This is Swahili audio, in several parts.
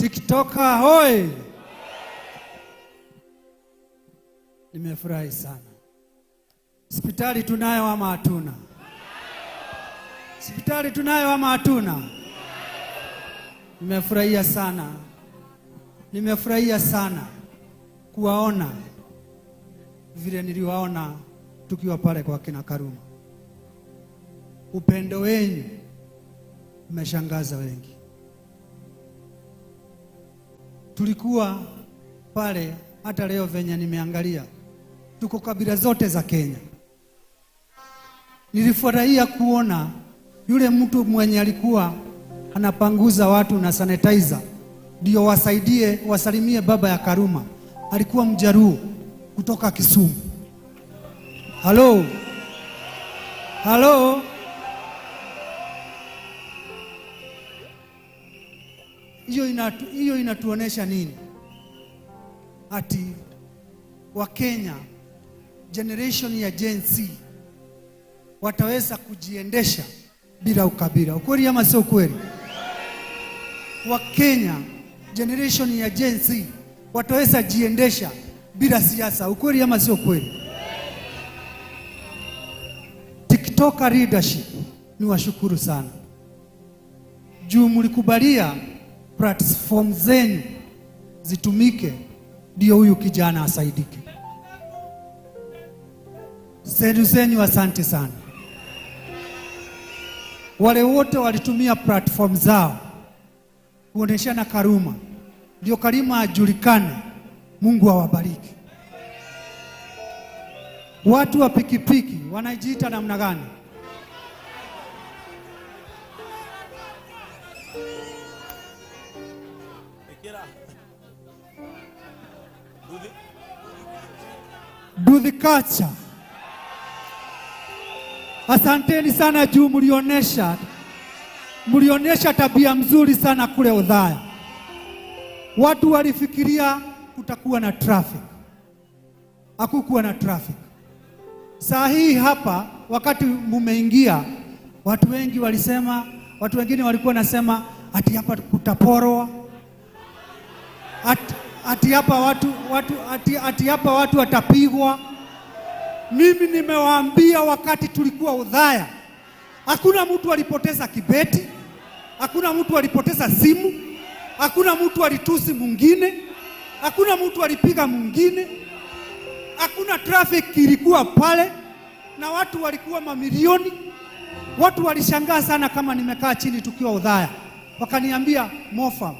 TikToka hoi! Nimefurahi sana. Hospitali tunayo ama hatuna? Hospitali tunayo ama hatuna? Nimefurahia sana, nimefurahia sana kuwaona vile niliwaona tukiwa pale kwa kina Karuma. Upendo wenyu umeshangaza wengi tulikuwa pale, hata leo venye nimeangalia, tuko kabila zote za Kenya. Nilifurahia kuona yule mtu mwenye alikuwa anapanguza watu na sanitizer ndio wasaidie wasalimie baba ya Karuma, alikuwa mjaruu kutoka Kisumu. Halo, halo. hiyo inatu, hiyo inatuonesha nini? Ati Wakenya generation ya Gen Z wataweza kujiendesha bila ukabila. Ukweli ama sio ukweli? Wakenya generation ya Gen Z wataweza jiendesha bila siasa. Ukweli ama sio ukweli? TikToker leadership, ni washukuru sana juu mlikubalia platform zenu zitumike, ndio huyu kijana asaidike. Zenu zenyu, asante sana. Wale wote walitumia platform zao kuoneshana karuma, ndio karima ajulikane. Mungu awabariki wa watu wa pikipiki wanajiita namna gani? to the culture. Asanteni sana juu mlionyesha mlionyesha tabia mzuri sana kule udhaya Watu walifikiria kutakuwa na traffic, hakukuwa na traffic. Saa hii hapa wakati mumeingia, watu wengi walisema, watu wengine walikuwa nasema ati hapa kutaporwa ati ati hapa watu, watu, ati, ati hapa watu watapigwa. Mimi nimewaambia wakati tulikuwa udhaya, hakuna mtu alipoteza kibeti, hakuna mtu alipoteza simu, hakuna mtu alitusi mwingine, hakuna mtu alipiga mwingine, hakuna traffic ilikuwa pale, na watu walikuwa mamilioni. Watu walishangaa sana kama nimekaa chini tukiwa udhaya, wakaniambia Mofa,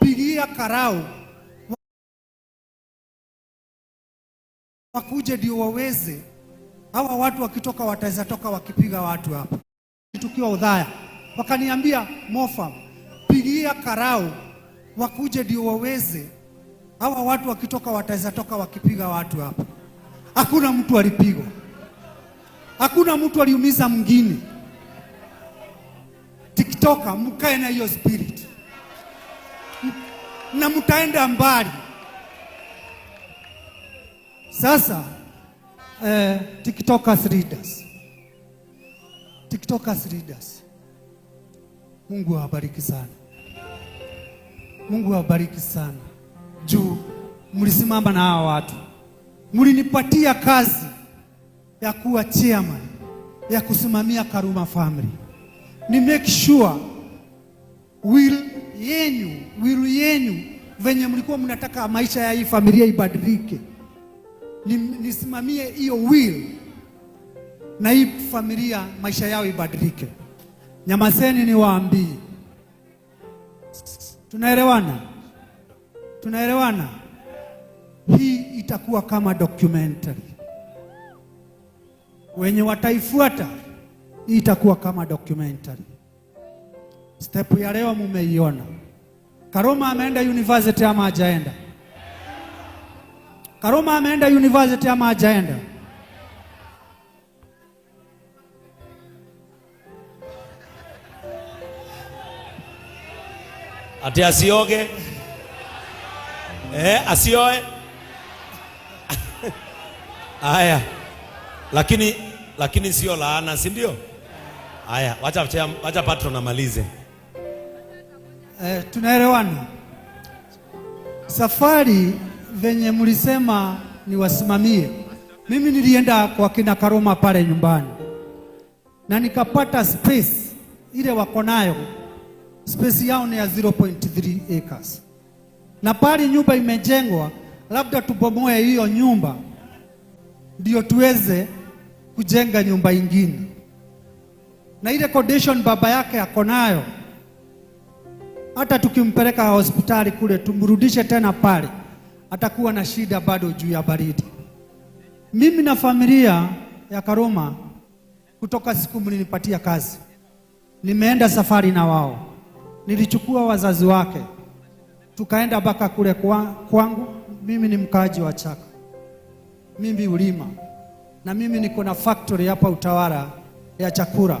pigia karau wakuje ndio waweze. Hawa watu wakitoka wataweza toka wakipiga watu hapa, tukiwa udhaya, wakaniambia mofa, pigia Karau wakuje ndio waweze. Hawa watu wakitoka wataweza toka wakipiga watu hapa. Hakuna mtu alipigwa, hakuna mtu aliumiza mwingine. Tikitoka, mkae na hiyo spirit na mtaenda mbali. Sasa eh, TikTokers readers. TikTokers readers. Mungu awabariki sana, Mungu awabariki sana juu mlisimama na hawa watu, mlinipatia kazi ya kuwa chairman ya kusimamia Karuma family. Ni make sure will yenu will yenu venye mlikuwa mnataka maisha ya hii familia ibadilike nisimamie hiyo will na hii familia maisha yao ibadilike. Nyamaseni niwaambie, tunaelewana? Tunaelewana? Hii itakuwa kama documentary, wenye wataifuata hii itakuwa kama documentary. Step ya leo mumeiona. Karoma ameenda university ama hajaenda? Karuma ameenda university ama hajaenda? Ati asioge eh, asioe aya, lakini lakini sio laana, si ndio? Aya, wacha wacha patron amalize. Eh, tunaelewana safari venye mlisema niwasimamie, mimi nilienda kwa kina Karuma pale nyumbani na nikapata space ile wako nayo, space yao ni ya 0.3 acres, na pale nyumba imejengwa, labda tubomoe hiyo nyumba ndio tuweze kujenga nyumba ingine, na ile condition baba yake ako nayo hata tukimpeleka hospitali kule tumrudishe tena pale atakuwa na shida bado juu ya baridi. Mimi na familia ya Karoma kutoka siku mlinipatia kazi, nimeenda safari na wao, nilichukua wazazi wake tukaenda mpaka kule kwa, kwangu. Mimi ni mkaaji wa Chaka, mimi ulima na mimi niko na factory hapa Utawala ya chakula,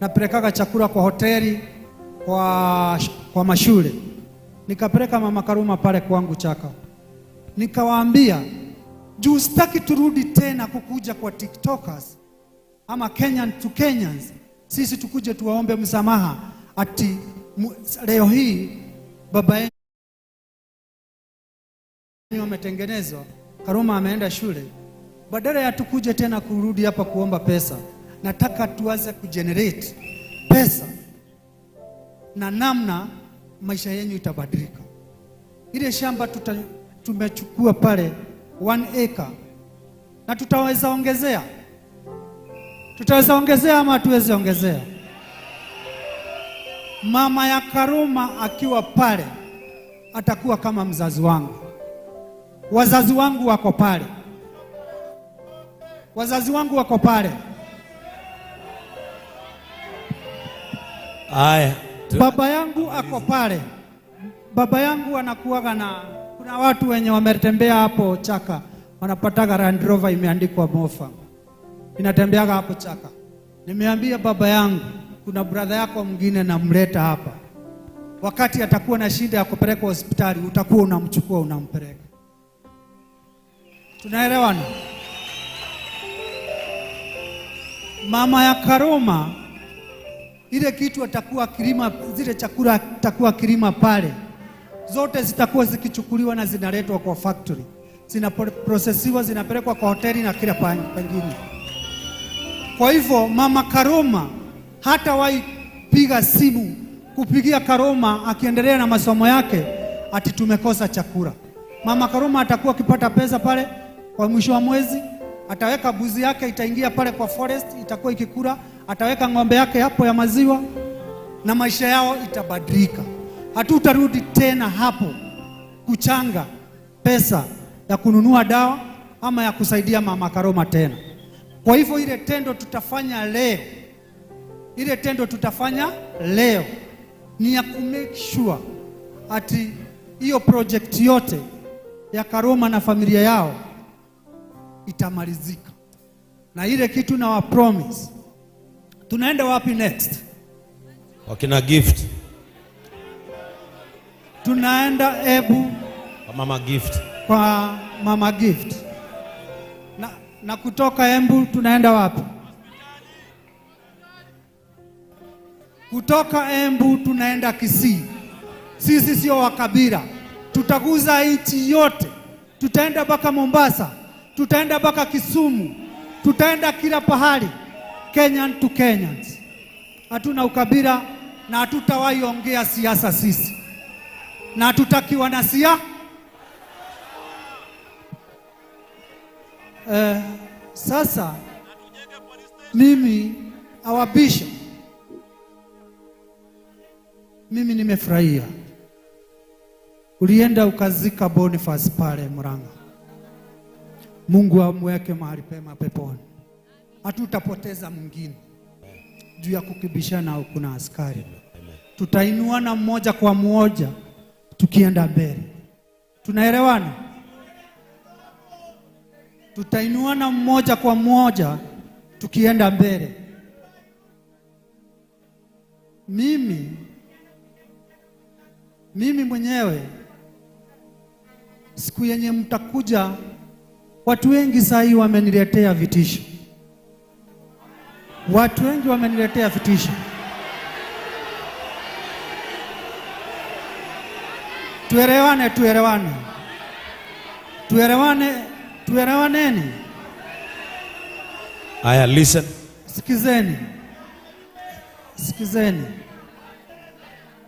napelekaga chakula kwa hoteli kwa, kwa mashule. Nikapeleka mama Karuma pale kwangu Chaka nikawaambia juu sitaki turudi tena kukuja kwa tiktokers ama Kenyan to Kenyans, sisi tukuje tuwaombe msamaha ati leo hii baba yenu ametengenezwa, Karuma ameenda shule, badala ya tukuje tena kurudi hapa kuomba pesa. Nataka tuanze kugenerate pesa na namna maisha yenu itabadilika, ile shamba tuta tumechukua pale one acre na tutaweza ongezea, tutaweza ongezea ama hatuwezi ongezea? Mama ya Karuma akiwa pale atakuwa kama mzazi wangu. Wazazi wangu wako pale, wazazi wangu wako pale. Haya, baba yangu ako pale, baba yangu anakuwaga na kuna watu wenye wametembea hapo Chaka wanapataga Land Rover imeandikwa Mofa, inatembeaga hapo Chaka. Nimeambia baba yangu, kuna brother yako mwingine namleta hapa, wakati atakuwa na shida ya kupelekwa hospitali utakuwa unamchukua unampeleka. Tunaelewana? Mama ya Karoma, ile kitu atakuwa kilima, zile chakula atakuwa kilima pale zote zitakuwa zikichukuliwa na zinaletwa kwa factory, zinaprosesiwa, zinapelekwa kwa hoteli na kila pengine. Kwa hivyo mama Karoma hata piga simu kupigia Karoma akiendelea na masomo yake ati tumekosa chakula. Mama Karoma atakuwa akipata pesa pale kwa mwisho wa mwezi, ataweka buzi yake itaingia pale kwa forest itakuwa ikikula, ataweka ng'ombe yake hapo ya maziwa na maisha yao itabadilika hatutarudi tena hapo kuchanga pesa ya kununua dawa ama ya kusaidia mama Karoma tena. Kwa hivyo ile tendo tutafanya leo, ile tendo tutafanya leo ni ya ku make sure ati hiyo project yote ya Karoma na familia yao itamalizika, na ile kitu na wa promise. Tunaenda wapi next? Wakina Gift tunaenda Embu kwa Mama Gift, kwa Mama Gift. Na, na kutoka Embu tunaenda wapi? Kutoka Embu tunaenda Kisii. Sisi sio wakabila, tutaguza nchi yote, tutaenda mpaka Mombasa, tutaenda mpaka Kisumu, tutaenda kila pahali. Kenyan to Kenyans, hatuna ukabila na hatutawahi ongea siasa sisi na hatutakiwa na sia eh. Sasa mimi awabisha, mimi nimefurahia ulienda ukazika Boniface pale Murang'a. Mungu amweke mahali pema peponi, hatutapoteza mwingine juu ya kukibishana. Au kuna askari, tutainuana mmoja kwa mmoja tukienda mbele. Tunaelewana? Tutainuana mmoja kwa mmoja tukienda mbele. Mimi mimi mwenyewe siku yenye mtakuja, watu wengi saa hii wameniletea vitisho, watu wengi wameniletea vitisho. Tuelewane, tuelewane, tuelewane, tuelewaneni. Aya, listen, sikizeni, sikizeni,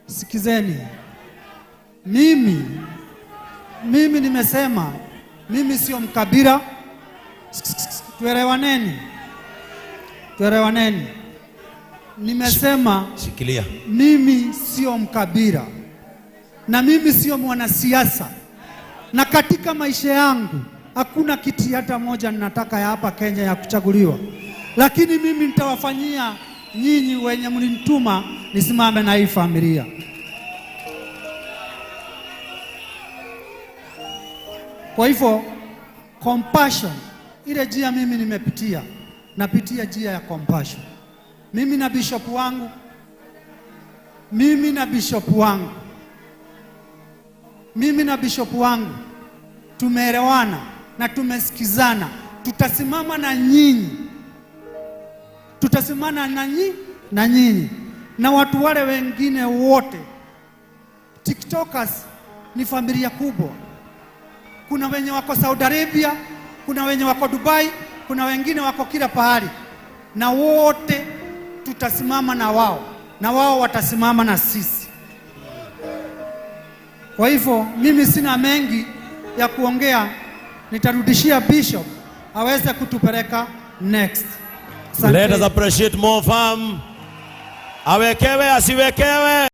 sikizeni. Mimi mimi nimesema mimi sio mkabila, tuelewaneni, tuelewaneni. Nimesema shikilia, mimi sio mkabila na mimi sio mwanasiasa, na katika maisha yangu hakuna kiti hata moja ninataka ya hapa Kenya ya kuchaguliwa, lakini mimi nitawafanyia nyinyi wenye mlinituma nisimame na hii familia. Kwa hivyo compassion, ile njia mimi nimepitia, napitia njia ya compassion, mimi na bishop wangu, mimi na bishop wangu mimi na bishopu wangu tumeelewana na tumesikizana, tutasimama na nyinyi, tutasimama na nyinyi na nyinyi na watu wale wengine wote. TikTokers ni familia kubwa. Kuna wenye wako Saudi Arabia, kuna wenye wako Dubai, kuna wengine wako kila pahali, na wote tutasimama na wao na wao watasimama na sisi. Kwa hivyo mimi sina mengi ya kuongea, nitarudishia bishop aweze kutupeleka next. Let us appreciate more farm, awekewe asiwekewe.